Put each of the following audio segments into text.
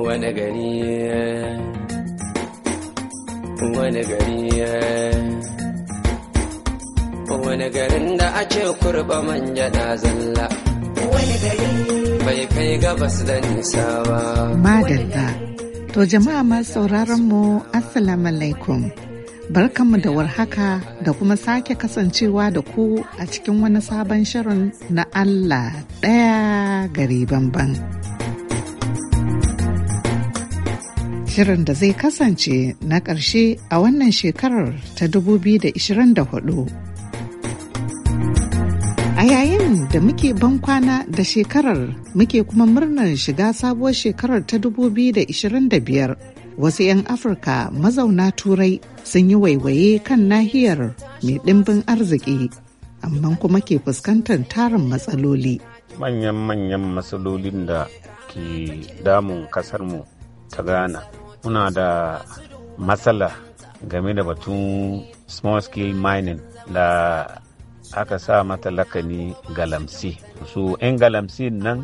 wani gari wani gari wani garin da a ce kurba manja na zalla wani gari bai kai gabas da nisa ba madalla to jama'a masu sauraron mu assalamu alaikum barkanmu da warhaka da kuma sake kasancewa da ku a cikin wani sabon shirin na Allah ɗaya gari banban. shirin da zai kasance na ƙarshe a wannan shekarar ta 2024. A yayin da muke ban kwana da shekarar muke kuma murnar shiga sabuwar shekarar ta 2025 wasu 'yan Afirka mazauna turai sun yi waiwaye kan nahiyar mai ɗimbin arziki amma kuma ke fuskantar tarin matsaloli. Manyan manyan matsalolin da ke damun kasarmu ta Ghana muna da matsala game da batun small scale mining da aka sa mata lakani galamsi su 'yan galamsi nan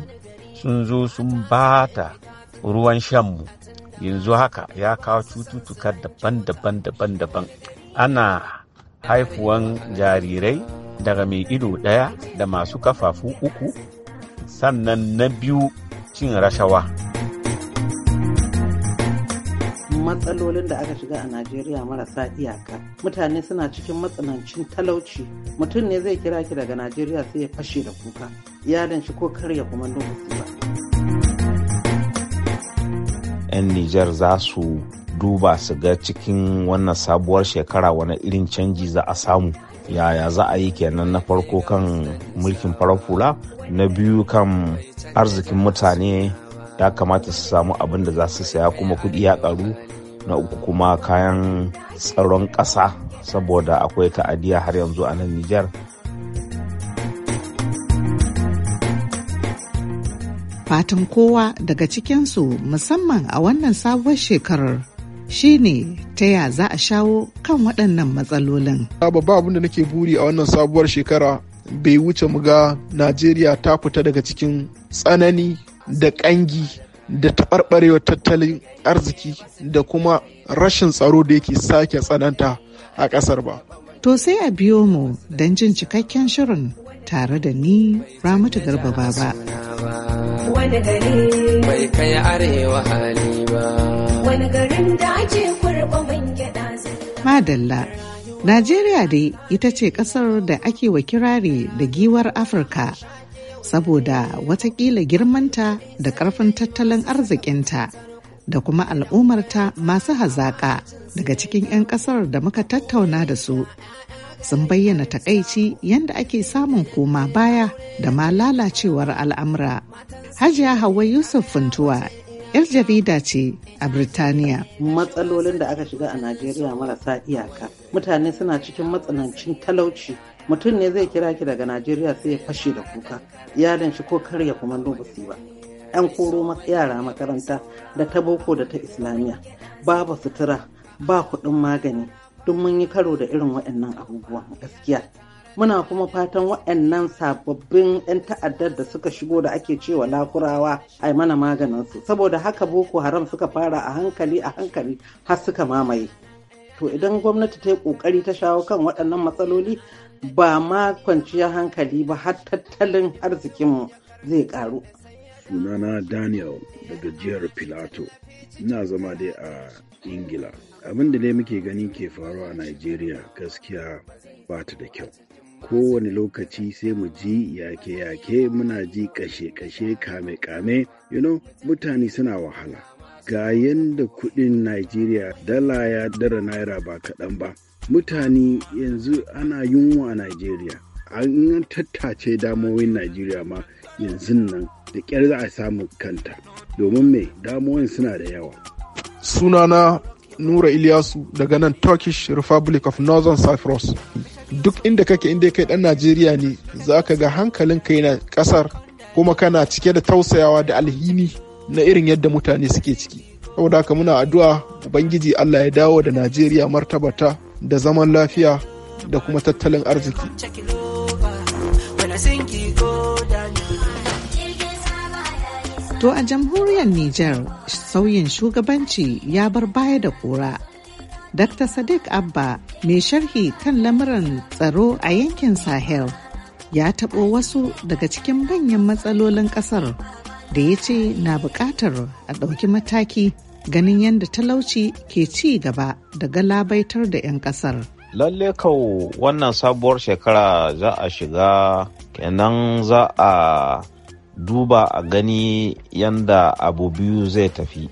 sun zo sun bata ruwan shanmu yanzu haka ya kawo cututtuka daban-daban daban-daban ana haifuwan jarirai daga mai ido ɗaya da masu kafafu uku sannan na biyu cin rashawa. matsalolin da aka shiga a Najeriya marasa iyaka. Mutane suna cikin matsanancin talauci. Mutum ne zai kira ki daga Najeriya sai ya fashe da kuka. Iyalin shi ko kar ya kuma musiba. 'Yan Nijar za su duba su ga cikin wannan sabuwar shekara wani irin canji za a samu. Yaya za a yi kenan na farko kan mulkin farar na biyu kan arzikin mutane ya kamata su samu abin da za su saya kuma kuɗi ya ƙaru na uku kuma kayan tsaron ƙasa saboda akwai ta'adiya har yanzu a nan Nijar. Fatan kowa daga cikinsu musamman a wannan sabuwar shekarar shi ne ta ya za a shawo kan waɗannan matsalolin. Ba abin da nake buri a wannan sabuwar shekara bai wuce mu ga Najeriya ta fita daga cikin tsanani da ƙangi da taɓarɓarewar tattalin arziki da kuma rashin tsaro da yake sake tsananta a ƙasar ba. To sai a biyo mu don jin cikakken shirin tare da ni Ramatu Garba Baba. Wani gari bai kai arewa hali ba. Wani garin da ake kurɓa man gyaɗa. Madalla, Najeriya dai ita ce ƙasar da ake wa kirari da giwar Afirka. saboda watakila girmanta da ƙarfin tattalin arzikinta da kuma al'ummarta masu hazaƙa daga cikin 'yan ƙasar da muka tattauna da su sun bayyana takaici yadda ake samun koma baya da ma lalacewar al'amura. Hajiya Hawa Yusuf Funtuwa, 'yar jarida ce a Birtaniya. Matsalolin da aka shiga a Najeriya marasa iyaka. Mutane suna cikin matsanancin talauci mutum ne zai kira ki daga najeriya sai ya fashe da kuka iyalin shi ko karya kumallo ba su ba yan koro yara makaranta da ta boko da ta islamiyya babu sutura ba kuɗin magani duk mun yi karo da irin waɗannan abubuwan gaskiya muna kuma fatan waɗannan sababbin 'yan ta'addar da suka shigo da ake cewa lakurawa a mana maganin su saboda haka boko haram suka fara a hankali a hankali har suka mamaye to idan gwamnati ta yi ƙoƙari ta shawo kan waɗannan matsaloli ba ma kwanciyar hankali ba har tattalin arzikinmu zai karu. sunana daniel daga jihar Pilato ina zama dai a ingila abin da dai muke gani ke faruwa a nigeria gaskiya ba ta da kyau kowane lokaci sai mu ji yake-yake muna ji kashe-kashe kame-kame you know mutane suna wahala ga yanda kudin nigeria dala ya dara naira ba kaɗan ba mutane yanzu ana yunwa a Najeriya. An tattace damowin Najeriya ma yanzu nan da ƙyar za a samu kanta. Domin mai damowin suna da yawa. Sunana Nura Ilyasu daga nan Turkish Republic of Northern Cyprus. Duk inda kake inda kai ɗan Najeriya ne za ka ga kai yana ƙasar kuma kana cike da tausayawa da alhini na irin yadda mutane suke ciki saboda haka muna addu'a ubangiji allah ya dawo da najeriya martabata da zaman lafiya da kuma tattalin arziki. To a jamhuriyar Nijar sauyin shugabanci ya bar baya da kura. Dr. Sadiq Abba mai sharhi kan lamuran tsaro a yankin Sahel ya taɓo wasu daga cikin manyan matsalolin ƙasar da ya ce na buƙatar a ɗauki mataki ganin yadda talauci ke ci gaba da galabaitar da 'yan kasar. Lalle kau wannan sabuwar shekara za a shiga kenan za a duba a gani yadda abu biyu zai tafi.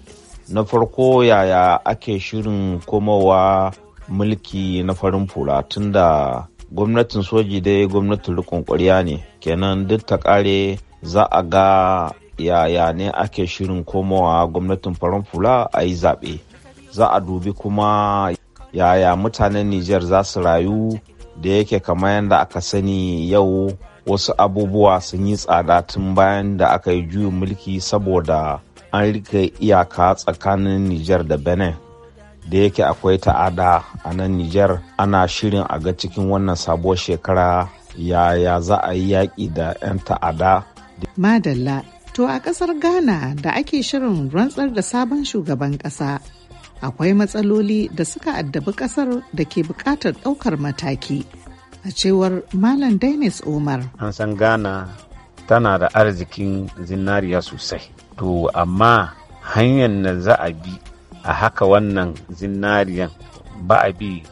Na farko yaya ake shirin komowa mulki na farin fura tunda gwamnatin soji dai gwamnatin rikon ƙwarya ne kenan duk ta ƙare za a ga yaya ne ake shirin komowa gwamnatin farin fula a yi zaɓe za a dubi kuma yaya mutanen niger za su rayu da yake kamar yadda aka sani yau wasu abubuwa sun yi tsada tun bayan da aka yi juyin mulki saboda an rike iyaka tsakanin niger da benin da yake akwai ta'ada a nan niger ana shirin a ga cikin wannan sabuwar shekara yaya za a yi yaƙi da 'yan ta'ada Madalla To a ƙasar Ghana da ake shirin rantsar da sabon shugaban ƙasa, akwai matsaloli da suka addabi ƙasar da ke buƙatar ɗaukar mataki. A cewar Malam Dennis Omar. An san Ghana tana da arzikin zinariya sosai. To amma hanyar da za a bi a haka wannan zinariyan ba a bi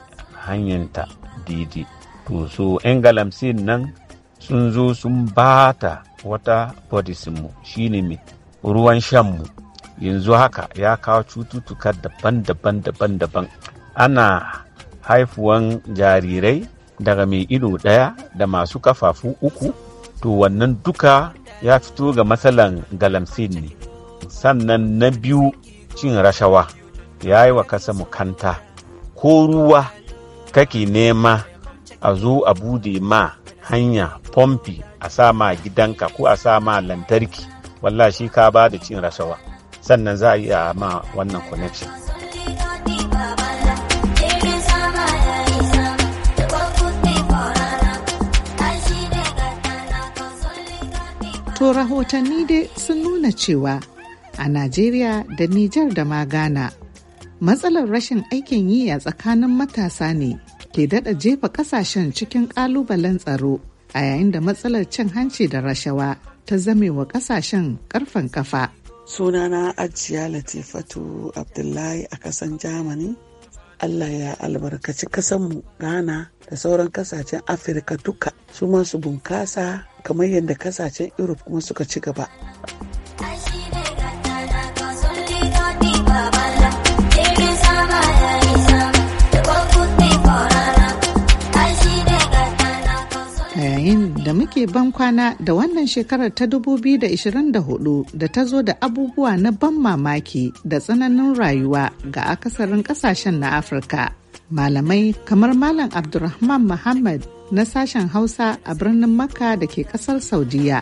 hanyanta daidai. To so 'yan nan sun zo sun bata water bodies mu shine ruwan shan mu yanzu haka ya kawo cututtuka daban-daban daban-daban ana haifuwan jarirai daga mai ido ɗaya da masu kafafu uku to wannan duka ya fito ga matsalan galamsin ne sannan na biyu cin rashawa ya yi wa kasa kanta ko ruwa kake nema a zo a bude ma hanya pompi a sama gidanka ko a sama lantarki walla shi ka ba da cin rashawa sannan za a yi a ma wannan connection To rahotanni dai sun nuna cewa a Najeriya da Nijar da ma Ghana matsalar rashin aikin yi a tsakanin matasa ne ke dada jefa kasashen cikin kalubalen tsaro a yayin da matsalar cin hanci da rashawa ta zame wa kasashen karfan kafa. sunana ajiya latifatu abdullahi a kasan germany allah ya albarkaci kasanmu ghana da sauran kasashen afirka duka su masu bunkasa kamar yadda kasashen europe kuma suka ci gaba. yayin da muke ban kwana da wannan shekarar ta 2024 da ta zo da abubuwa na ban mamaki da tsananin rayuwa ga akasarin kasashen na Afirka. Malamai kamar Malam Abdulrahman Muhammad na sashen Hausa a birnin Makka da ke kasar Saudiya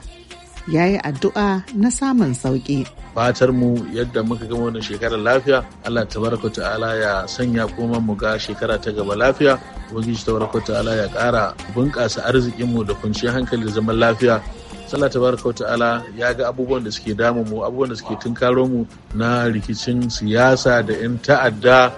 ya yi addu'a na samun sauƙi. fatar mu yadda muka gama wannan shekarar lafiya Allah baraka ta'ala ya sanya kuma mu ga shekara ta gaba lafiya ubangiji baraka ta'ala ya ƙara bunƙasa arzikin mu da kunshi hankali da zaman lafiya Allah baraka ta'ala ya ga abubuwan da suke damu mu abubuwan da suke tunkaro mu na rikicin siyasa da 'yan ta'adda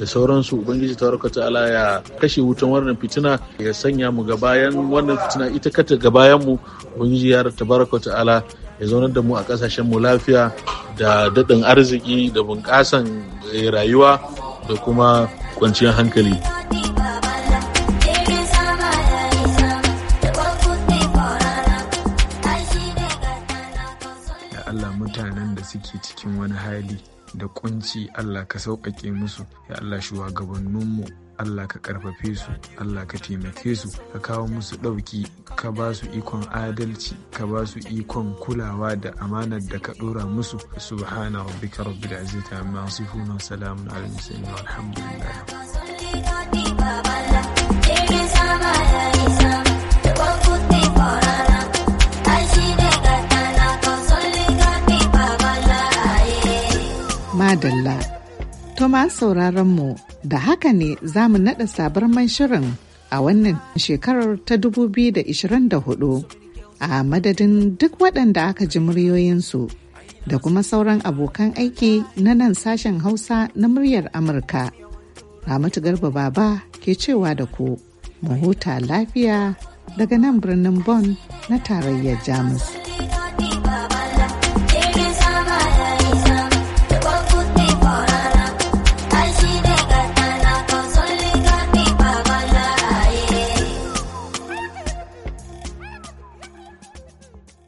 da sauransu ubangiji tabaraka ala ya kashe wutan wannan fitina ya sanya mu ga bayan wannan fitina ita kata ga bayan mu ubangiji ya ala ala ya zaunar da mu a kasashen mu lafiya da daɗin arziki da bunƙasan rayuwa da kuma kwanciyar hankali. Allah mutanen da suke cikin wani hali da kunci Allah ka sauƙaƙe musu ya Allah shugabanninmu Allah ka ƙarfafe su Allah ka taimake su ka kawo musu ɗauki ka ba su ikon adalci ka ba su ikon kulawa da amanar da ka ɗora musu subhana rabbika rabbil izzati amma yasifun salamun alal mursalin walhamdulillah madalla. Thomas sauraron mu da haka ne za mu naɗa sabar man shirin a wannan shekarar ta 2024 a madadin duk waɗanda aka ji muryoyinsu da kuma sauran abokan aiki na nan sashen Hausa na muryar Amurka. Ramatu Garba Baba ke cewa da ku, mu huta lafiya daga nan birnin Bonn na tarayyar Jamus.